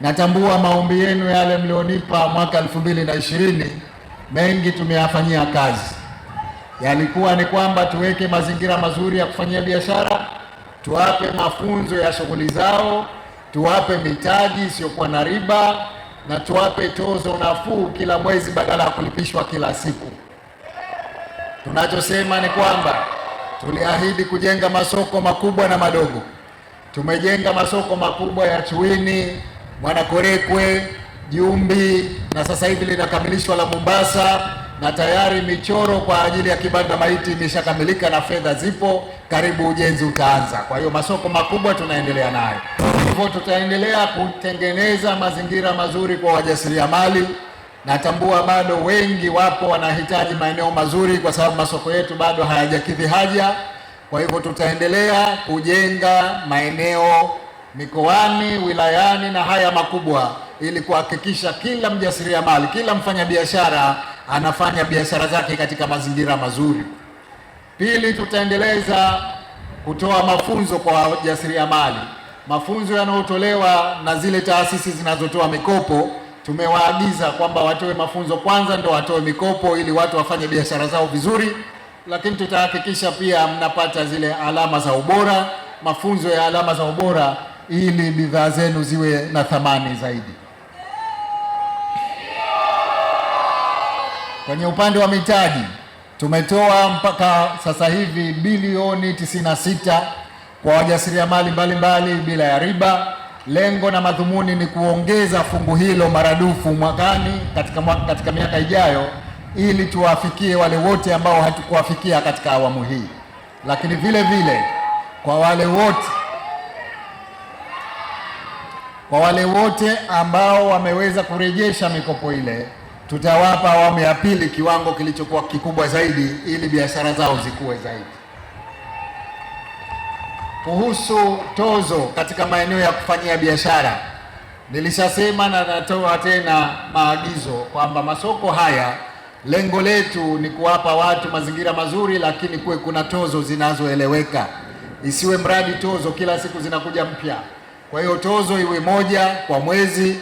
Natambua maombi yenu yale mlionipa mwaka elfu mbili na ishirini, mengi tumeyafanyia kazi. Yalikuwa ni kwamba tuweke mazingira mazuri ya kufanyia biashara, tuwape mafunzo ya shughuli zao, tuwape mitaji isiyokuwa na riba na tuwape tozo nafuu kila mwezi badala ya kulipishwa kila siku. Tunachosema ni kwamba tuliahidi kujenga masoko makubwa na madogo. Tumejenga masoko makubwa ya Chuini, Mwanakorekwe, Jumbi na sasa hivi linakamilishwa la Mombasa, na tayari michoro kwa ajili ya kibanda maiti imeshakamilika na fedha zipo, karibu ujenzi utaanza. Kwa hiyo masoko makubwa tunaendelea nayo, hivyo tutaendelea kutengeneza mazingira mazuri kwa wajasiriamali. Natambua bado wengi wapo wanahitaji maeneo mazuri, kwa sababu masoko yetu bado hayajakidhi haja. Kwa hivyo tutaendelea kujenga maeneo mikoani, wilayani na haya makubwa, ili kuhakikisha kila mjasiriamali, kila mfanyabiashara anafanya biashara zake katika mazingira mazuri. Pili, tutaendeleza kutoa mafunzo kwa wajasiriamali, mafunzo yanayotolewa na zile taasisi zinazotoa mikopo tumewaagiza kwamba watoe mafunzo kwanza ndo watoe mikopo ili watu wafanye biashara zao vizuri, lakini tutahakikisha pia mnapata zile alama za ubora, mafunzo ya alama za ubora ili bidhaa zenu ziwe na thamani zaidi. Kwenye upande wa mitaji tumetoa mpaka sasa hivi bilioni 96 kwa wajasiriamali mbalimbali bila ya riba. Lengo na madhumuni ni kuongeza fungu hilo maradufu mwakani katika, katika miaka ijayo ili tuwafikie wale wote ambao hatukuwafikia katika awamu hii, lakini vile vile kwa wale wote kwa wale wote ambao wameweza kurejesha mikopo ile, tutawapa awamu ya pili kiwango kilichokuwa kikubwa zaidi, ili biashara zao zikuwe zaidi. Kuhusu tozo katika maeneo ya kufanyia biashara, nilishasema na natoa tena maagizo kwamba masoko haya lengo letu ni kuwapa watu mazingira mazuri, lakini kuwe kuna tozo zinazoeleweka, isiwe mradi tozo kila siku zinakuja mpya. Kwa hiyo tozo iwe moja kwa mwezi,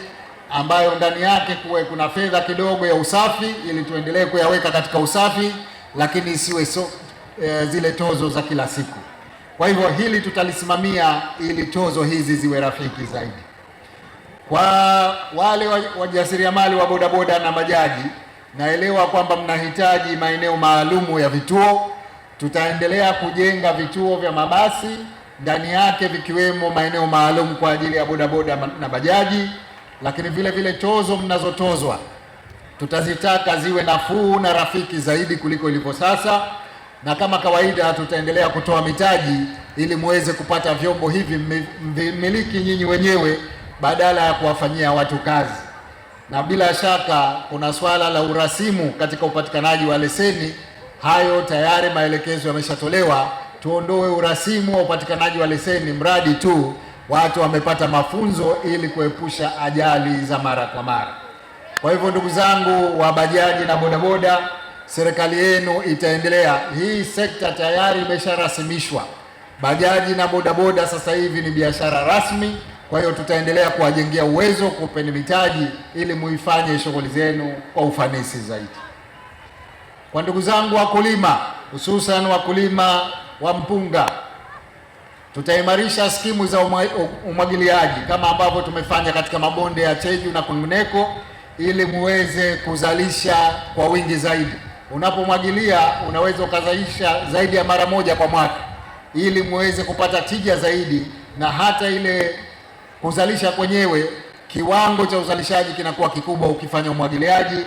ambayo ndani yake kuwe kuna fedha kidogo ya usafi, ili tuendelee kuyaweka katika usafi, lakini isiwe so, e, zile tozo za kila siku. Kwa hivyo hili tutalisimamia ili tozo hizi ziwe rafiki zaidi kwa wale wajasiriamali wa bodaboda na bajaji. Naelewa kwamba mnahitaji maeneo maalumu ya vituo. Tutaendelea kujenga vituo vya mabasi ndani yake vikiwemo maeneo maalum kwa ajili ya bodaboda na bajaji, lakini vile vile tozo mnazotozwa tutazitaka ziwe nafuu na rafiki zaidi kuliko ilivyo sasa, na kama kawaida tutaendelea kutoa mitaji ili muweze kupata vyombo hivi mmiliki nyinyi wenyewe badala ya kuwafanyia watu kazi. Na bila shaka kuna swala la urasimu katika upatikanaji wa leseni, hayo tayari maelekezo yameshatolewa tuondoe urasimu wa upatikanaji wa leseni, mradi tu watu wamepata mafunzo ili kuepusha ajali za mara kwa mara. Kwa hivyo, ndugu zangu wa bajaji na bodaboda, serikali yenu itaendelea. Hii sekta tayari imesharasimishwa. Bajaji na bodaboda sasa hivi ni biashara rasmi. Kwa hiyo tutaendelea kuwajengea uwezo, kupeni mitaji ili muifanye shughuli zenu kwa ufanisi zaidi. Kwa ndugu zangu wakulima, hususan wakulima wa mpunga. Tutaimarisha skimu za umwagiliaji kama ambavyo tumefanya katika mabonde ya Cheju na kwingineko, ili muweze kuzalisha kwa wingi zaidi. Unapomwagilia unaweza ukazalisha zaidi ya mara moja kwa mwaka, ili muweze kupata tija zaidi, na hata ile kuzalisha kwenyewe, kiwango cha uzalishaji kinakuwa kikubwa ukifanya umwagiliaji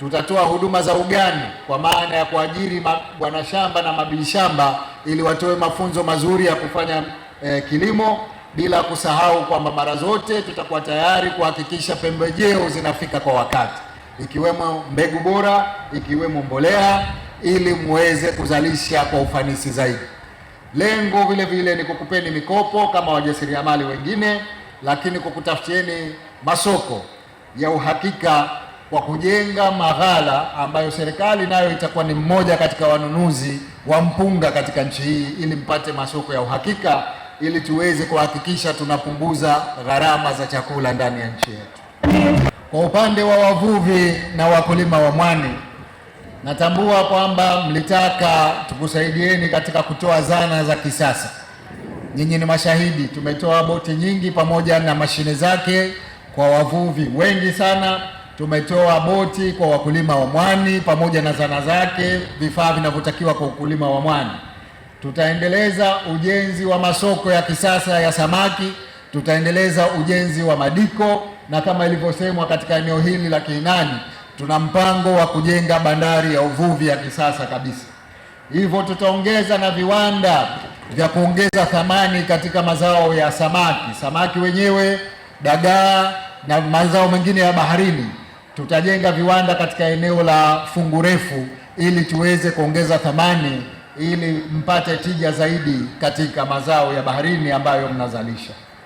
tutatoa huduma za ugani kwa maana ya kuajiri bwana shamba na mabii shamba ili watoe mafunzo mazuri ya kufanya eh, kilimo, bila kusahau kwamba mara zote tutakuwa tayari kuhakikisha pembejeo zinafika kwa wakati, ikiwemo mbegu bora, ikiwemo mbolea, ili muweze kuzalisha kwa ufanisi zaidi. Lengo vile vile ni kukupeni mikopo kama wajasiriamali wengine, lakini kukutafutieni masoko ya uhakika kwa kujenga maghala ambayo serikali nayo itakuwa ni mmoja katika wanunuzi wa mpunga katika nchi hii, ili mpate masoko ya uhakika, ili tuweze kuhakikisha tunapunguza gharama za chakula ndani ya nchi yetu. Kwa upande wa wavuvi na wakulima wa mwani, natambua kwamba mlitaka tukusaidieni katika kutoa zana za kisasa. Nyinyi ni mashahidi, tumetoa boti nyingi pamoja na mashine zake kwa wavuvi wengi sana Tumetoa boti kwa wakulima wa mwani pamoja na zana zake, vifaa vinavyotakiwa kwa ukulima wa mwani. Tutaendeleza ujenzi wa masoko ya kisasa ya samaki, tutaendeleza ujenzi wa madiko, na kama ilivyosemwa katika eneo hili la Kiinani, tuna mpango wa kujenga bandari ya uvuvi ya kisasa kabisa. Hivyo tutaongeza na viwanda vya kuongeza thamani katika mazao ya samaki, samaki wenyewe, dagaa na mazao mengine ya baharini tutajenga viwanda katika eneo la fungu refu ili tuweze kuongeza thamani ili mpate tija zaidi katika mazao ya baharini ambayo mnazalisha.